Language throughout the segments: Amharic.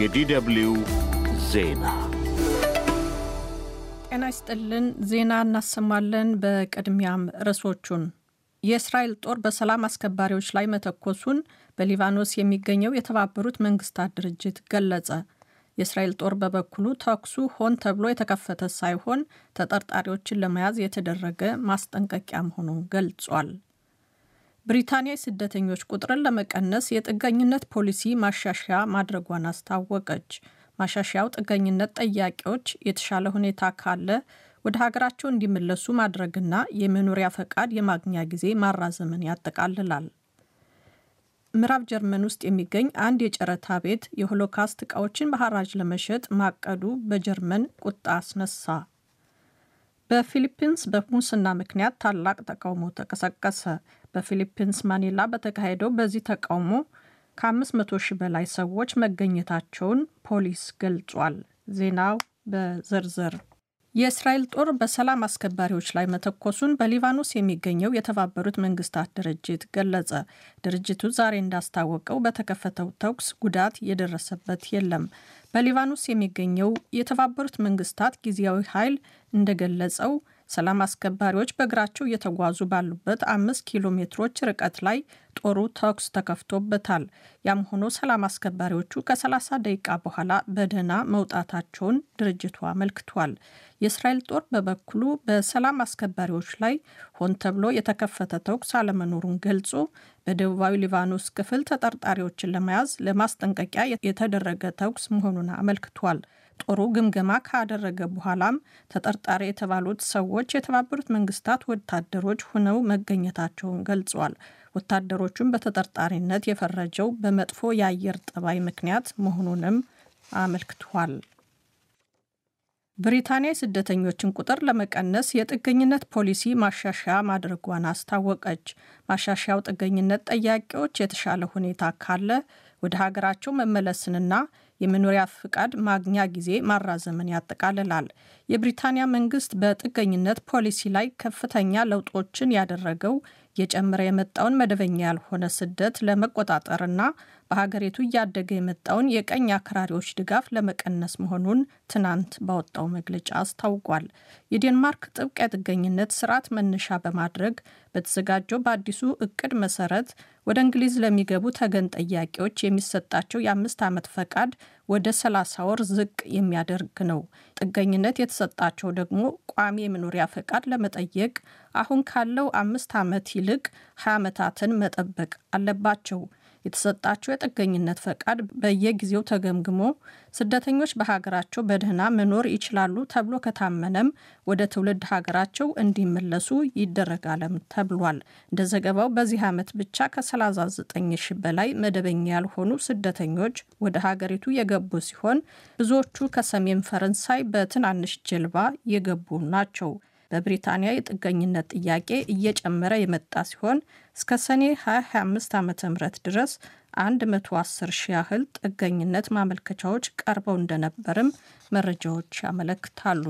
የዲደብልዩ ዜና ጤና ይስጥልን። ዜና እናሰማለን። በቅድሚያም ርዕሶቹን የእስራኤል ጦር በሰላም አስከባሪዎች ላይ መተኮሱን በሊባኖስ የሚገኘው የተባበሩት መንግስታት ድርጅት ገለጸ። የእስራኤል ጦር በበኩሉ ተኩሱ ሆን ተብሎ የተከፈተ ሳይሆን ተጠርጣሪዎችን ለመያዝ የተደረገ ማስጠንቀቂያ መሆኑን ገልጿል። ብሪታንያ የስደተኞች ቁጥርን ለመቀነስ የጥገኝነት ፖሊሲ ማሻሻያ ማድረጓን አስታወቀች። ማሻሻያው ጥገኝነት ጠያቂዎች የተሻለ ሁኔታ ካለ ወደ ሀገራቸው እንዲመለሱ ማድረግና የመኖሪያ ፈቃድ የማግኛ ጊዜ ማራዘምን ያጠቃልላል። ምዕራብ ጀርመን ውስጥ የሚገኝ አንድ የጨረታ ቤት የሆሎካስት ዕቃዎችን በሐራጅ ለመሸጥ ማቀዱ በጀርመን ቁጣ አስነሳ። በፊሊፒንስ በሙስና ምክንያት ታላቅ ተቃውሞ ተቀሰቀሰ። በፊሊፒንስ ማኒላ በተካሄደው በዚህ ተቃውሞ ከ500 ሺህ በላይ ሰዎች መገኘታቸውን ፖሊስ ገልጿል። ዜናው በዝርዝር የእስራኤል ጦር በሰላም አስከባሪዎች ላይ መተኮሱን በሊባኖስ የሚገኘው የተባበሩት መንግስታት ድርጅት ገለጸ። ድርጅቱ ዛሬ እንዳስታወቀው በተከፈተው ተኩስ ጉዳት የደረሰበት የለም። በሊባኖስ የሚገኘው የተባበሩት መንግስታት ጊዜያዊ ኃይል እንደገለጸው ሰላም አስከባሪዎች በእግራቸው እየተጓዙ ባሉበት አምስት ኪሎ ሜትሮች ርቀት ላይ ጦሩ ተኩስ ተከፍቶበታል። ያም ሆኖ ሰላም አስከባሪዎቹ ከ30 ደቂቃ በኋላ በደህና መውጣታቸውን ድርጅቱ አመልክቷል። የእስራኤል ጦር በበኩሉ በሰላም አስከባሪዎች ላይ ሆን ተብሎ የተከፈተ ተኩስ አለመኖሩን ገልጾ በደቡባዊ ሊባኖስ ክፍል ተጠርጣሪዎችን ለመያዝ ለማስጠንቀቂያ የተደረገ ተኩስ መሆኑን አመልክቷል። ጥሩ ግምገማ ካደረገ በኋላም ተጠርጣሪ የተባሉት ሰዎች የተባበሩት መንግስታት ወታደሮች ሆነው መገኘታቸውን ገልጿል። ወታደሮቹም በተጠርጣሪነት የፈረጀው በመጥፎ የአየር ጠባይ ምክንያት መሆኑንም አመልክቷል። ብሪታንያ የስደተኞችን ቁጥር ለመቀነስ የጥገኝነት ፖሊሲ ማሻሻያ ማድረጓን አስታወቀች። ማሻሻያው ጥገኝነት ጠያቂዎች የተሻለ ሁኔታ ካለ ወደ ሀገራቸው መመለስንና የመኖሪያ ፍቃድ ማግኛ ጊዜ ማራዘምን ያጠቃልላል። የብሪታንያ መንግስት በጥገኝነት ፖሊሲ ላይ ከፍተኛ ለውጦችን ያደረገው የጨመረ የመጣውን መደበኛ ያልሆነ ስደት ለመቆጣጠርና በሀገሪቱ እያደገ የመጣውን የቀኝ አክራሪዎች ድጋፍ ለመቀነስ መሆኑን ትናንት ባወጣው መግለጫ አስታውቋል። የዴንማርክ ጥብቅ የጥገኝነት ስርዓት መነሻ በማድረግ በተዘጋጀው በአዲሱ እቅድ መሰረት ወደ እንግሊዝ ለሚገቡ ተገን ጠያቂዎች የሚሰጣቸው የአምስት ዓመት ፈቃድ ወደ 30 ወር ዝቅ የሚያደርግ ነው። ጥገኝነት የተሰጣቸው ደግሞ ቋሚ የመኖሪያ ፈቃድ ለመጠየቅ አሁን ካለው አምስት ዓመት ይልቅ 20 ዓመታትን መጠበቅ አለባቸው። የተሰጣቸው የጥገኝነት ፈቃድ በየጊዜው ተገምግሞ ስደተኞች በሀገራቸው በደህና መኖር ይችላሉ ተብሎ ከታመነም ወደ ትውልድ ሀገራቸው እንዲመለሱ ይደረጋለም ተብሏል። እንደ ዘገባው በዚህ ዓመት ብቻ ከ39 ሺህ በላይ መደበኛ ያልሆኑ ስደተኞች ወደ ሀገሪቱ የገቡ ሲሆን ብዙዎቹ ከሰሜን ፈረንሳይ በትናንሽ ጀልባ የገቡ ናቸው። በብሪታንያ የጥገኝነት ጥያቄ እየጨመረ የመጣ ሲሆን እስከ ሰኔ 2025 ዓ ም ድረስ 110 ሺ ያህል ጥገኝነት ማመልከቻዎች ቀርበው እንደነበርም መረጃዎች ያመለክታሉ።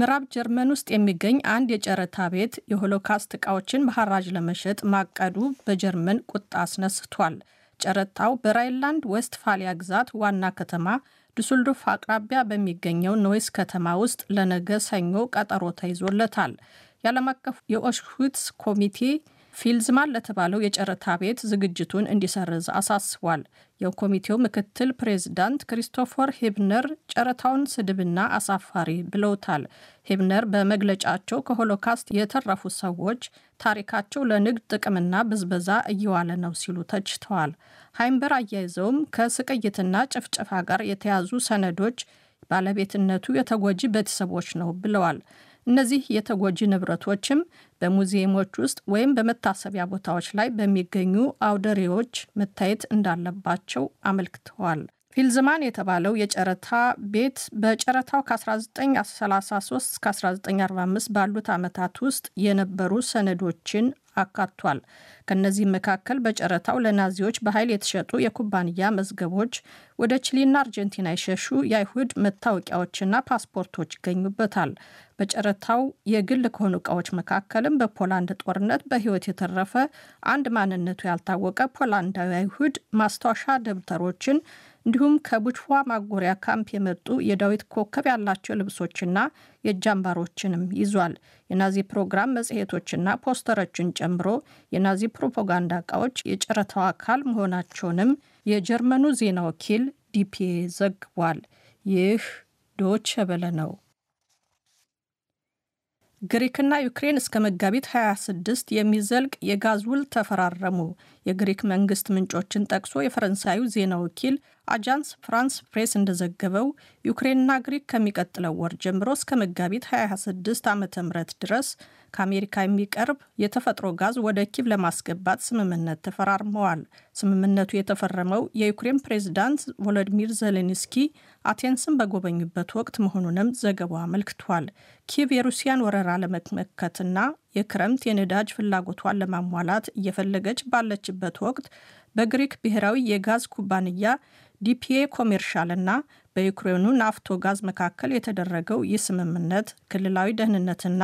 ምዕራብ ጀርመን ውስጥ የሚገኝ አንድ የጨረታ ቤት የሆሎካስት ዕቃዎችን በሐራጅ ለመሸጥ ማቀዱ በጀርመን ቁጣ አስነስቷል። ጨረታው በራይንላንድ ዌስትፋሊያ ግዛት ዋና ከተማ ዱስልዶፍ አቅራቢያ በሚገኘው ኖይስ ከተማ ውስጥ ለነገ ሰኞ ቀጠሮ ተይዞለታል። የዓለም አቀፍ የኦሽዊትስ ኮሚቴ ፊልዝማን ለተባለው የጨረታ ቤት ዝግጅቱን እንዲሰርዝ አሳስቧል። የኮሚቴው ምክትል ፕሬዝዳንት ክሪስቶፈር ሂብነር ጨረታውን ስድብና አሳፋሪ ብለውታል። ሂብነር በመግለጫቸው ከሆሎካስት የተረፉ ሰዎች ታሪካቸው ለንግድ ጥቅምና ብዝበዛ እየዋለ ነው ሲሉ ተችተዋል። ሃይምበር አያይዘውም ከስቅይትና ጭፍጨፋ ጋር የተያዙ ሰነዶች ባለቤትነቱ የተጎጂ ቤተሰቦች ነው ብለዋል። እነዚህ የተጎጂ ንብረቶችም በሙዚየሞች ውስጥ ወይም በመታሰቢያ ቦታዎች ላይ በሚገኙ አውደሬዎች መታየት እንዳለባቸው አመልክተዋል። ፊልዝማን የተባለው የጨረታ ቤት በጨረታው ከ1933 እስከ 1945 ባሉት ዓመታት ውስጥ የነበሩ ሰነዶችን አካቷል። ከእነዚህም መካከል በጨረታው ለናዚዎች በኃይል የተሸጡ የኩባንያ መዝገቦች፣ ወደ ቺሊና አርጀንቲና የሸሹ የአይሁድ መታወቂያዎችና ፓስፖርቶች ይገኙበታል። በጨረታው የግል ከሆኑ እቃዎች መካከልም በፖላንድ ጦርነት በሕይወት የተረፈ አንድ ማንነቱ ያልታወቀ ፖላንዳዊ አይሁድ ማስታወሻ ደብተሮችን እንዲሁም ከቡችዋ ማጎሪያ ካምፕ የመጡ የዳዊት ኮከብ ያላቸው ልብሶችና የእጅ አምባሮችንም ይዟል። የናዚ ፕሮግራም መጽሔቶችና ፖስተሮችን ጨምሮ የናዚ ፕሮፓጋንዳ እቃዎች የጨረታው አካል መሆናቸውንም የጀርመኑ ዜና ወኪል ዲፒኤ ዘግቧል። ይህ ዶች በለ ነው። ግሪክና ዩክሬን እስከ መጋቢት 26 የሚዘልቅ የጋዝ ውል ተፈራረሙ። የግሪክ መንግስት ምንጮችን ጠቅሶ የፈረንሳዩ ዜና ወኪል አጃንስ ፍራንስ ፕሬስ እንደዘገበው ዩክሬንና ግሪክ ከሚቀጥለው ወር ጀምሮ እስከ መጋቢት 26 ዓ ም ድረስ ከአሜሪካ የሚቀርብ የተፈጥሮ ጋዝ ወደ ኪቭ ለማስገባት ስምምነት ተፈራርመዋል። ስምምነቱ የተፈረመው የዩክሬን ፕሬዝዳንት ቮሎዲሚር ዘሌንስኪ አቴንስን በጎበኙበት ወቅት መሆኑንም ዘገባው አመልክቷል። ኪቭ የሩሲያን ወረራ ለመመከትና የክረምት የነዳጅ ፍላጎቷን ለማሟላት እየፈለገች ባለችበት ወቅት በግሪክ ብሔራዊ የጋዝ ኩባንያ ዲፒኤ ኮሜርሻል እና በዩክሬኑ ናፍቶ ጋዝ መካከል የተደረገው ይህ ስምምነት ክልላዊ ደህንነትና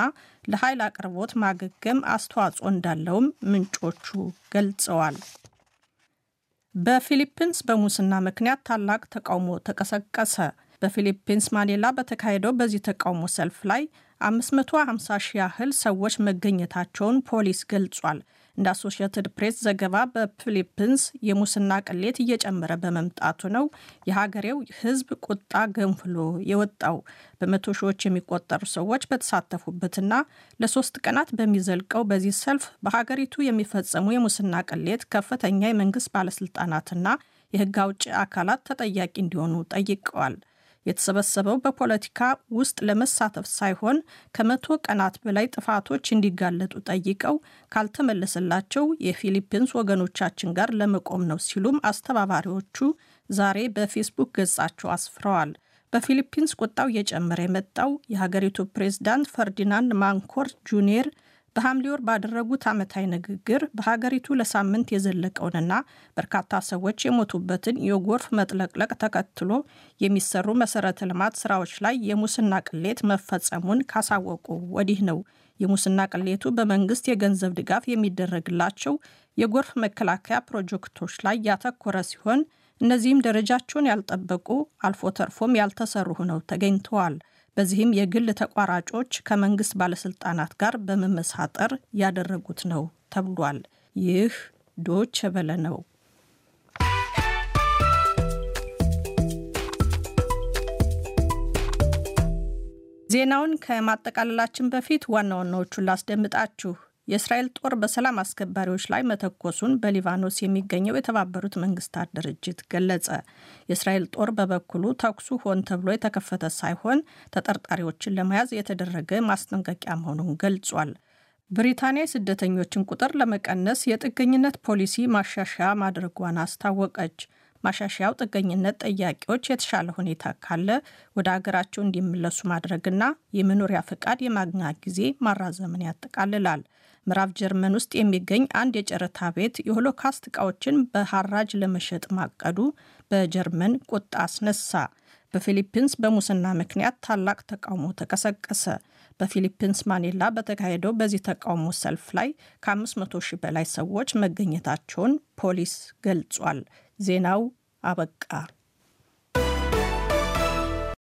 ለኃይል አቅርቦት ማገገም አስተዋጽኦ እንዳለውም ምንጮቹ ገልጸዋል። በፊሊፒንስ በሙስና ምክንያት ታላቅ ተቃውሞ ተቀሰቀሰ። በፊሊፒንስ ማኔላ በተካሄደው በዚህ ተቃውሞ ሰልፍ ላይ 550 ሺህ ያህል ሰዎች መገኘታቸውን ፖሊስ ገልጿል። እንደ አሶሽትድ ፕሬስ ዘገባ በፊሊፒንስ የሙስና ቅሌት እየጨመረ በመምጣቱ ነው የሀገሬው ህዝብ ቁጣ ገንፍሎ የወጣው። በመቶ ሺዎች የሚቆጠሩ ሰዎች በተሳተፉበትና ለሶስት ቀናት በሚዘልቀው በዚህ ሰልፍ በሀገሪቱ የሚፈጸሙ የሙስና ቅሌት ከፍተኛ የመንግስት ባለስልጣናትና የህግ አውጪ አካላት ተጠያቂ እንዲሆኑ ጠይቀዋል። የተሰበሰበው በፖለቲካ ውስጥ ለመሳተፍ ሳይሆን ከመቶ ቀናት በላይ ጥፋቶች እንዲጋለጡ ጠይቀው ካልተመለሰላቸው የፊሊፒንስ ወገኖቻችን ጋር ለመቆም ነው ሲሉም አስተባባሪዎቹ ዛሬ በፌስቡክ ገጻቸው አስፍረዋል። በፊሊፒንስ ቁጣው እየጨመረ የመጣው የሀገሪቱ ፕሬዝዳንት ፈርዲናንድ ማንኮር ጁኒየር በሐምሌ ወር ባደረጉት ዓመታዊ ንግግር በሀገሪቱ ለሳምንት የዘለቀውንና በርካታ ሰዎች የሞቱበትን የጎርፍ መጥለቅለቅ ተከትሎ የሚሰሩ መሰረተ ልማት ስራዎች ላይ የሙስና ቅሌት መፈጸሙን ካሳወቁ ወዲህ ነው የሙስና ቅሌቱ በመንግስት የገንዘብ ድጋፍ የሚደረግላቸው የጎርፍ መከላከያ ፕሮጀክቶች ላይ ያተኮረ ሲሆን እነዚህም ደረጃቸውን ያልጠበቁ አልፎ ተርፎም ያልተሰሩ ሆነው ተገኝተዋል። በዚህም የግል ተቋራጮች ከመንግስት ባለስልጣናት ጋር በመመሳጠር ያደረጉት ነው ተብሏል። ይህ ዶች በለ ነው። ዜናውን ከማጠቃለላችን በፊት ዋና ዋናዎቹን ላስደምጣችሁ። የእስራኤል ጦር በሰላም አስከባሪዎች ላይ መተኮሱን በሊባኖስ የሚገኘው የተባበሩት መንግስታት ድርጅት ገለጸ። የእስራኤል ጦር በበኩሉ ተኩሱ ሆን ተብሎ የተከፈተ ሳይሆን ተጠርጣሪዎችን ለመያዝ የተደረገ ማስጠንቀቂያ መሆኑን ገልጿል። ብሪታንያ የስደተኞችን ቁጥር ለመቀነስ የጥገኝነት ፖሊሲ ማሻሻያ ማድረጓን አስታወቀች። ማሻሻያው ጥገኝነት ጠያቂዎች የተሻለ ሁኔታ ካለ ወደ አገራቸው እንዲመለሱ ማድረግና የመኖሪያ ፈቃድ የማግኛ ጊዜ ማራዘምን ያጠቃልላል። ምዕራብ ጀርመን ውስጥ የሚገኝ አንድ የጨረታ ቤት የሆሎካስት እቃዎችን በሐራጅ ለመሸጥ ማቀዱ በጀርመን ቁጣ አስነሳ። በፊሊፒንስ በሙስና ምክንያት ታላቅ ተቃውሞ ተቀሰቀሰ። በፊሊፒንስ ማኒላ በተካሄደው በዚህ ተቃውሞ ሰልፍ ላይ ከ500 ሺህ በላይ ሰዎች መገኘታቸውን ፖሊስ ገልጿል። ዜናው አበቃ።